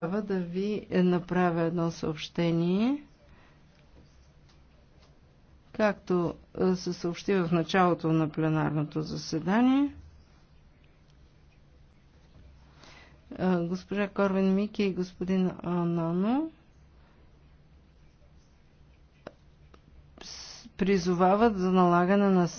трябва да ви направя едно съобщение. Както се съобщи в началото на пленарното заседание, госпожа Корвин Мики и господин Анано призовават за налагане на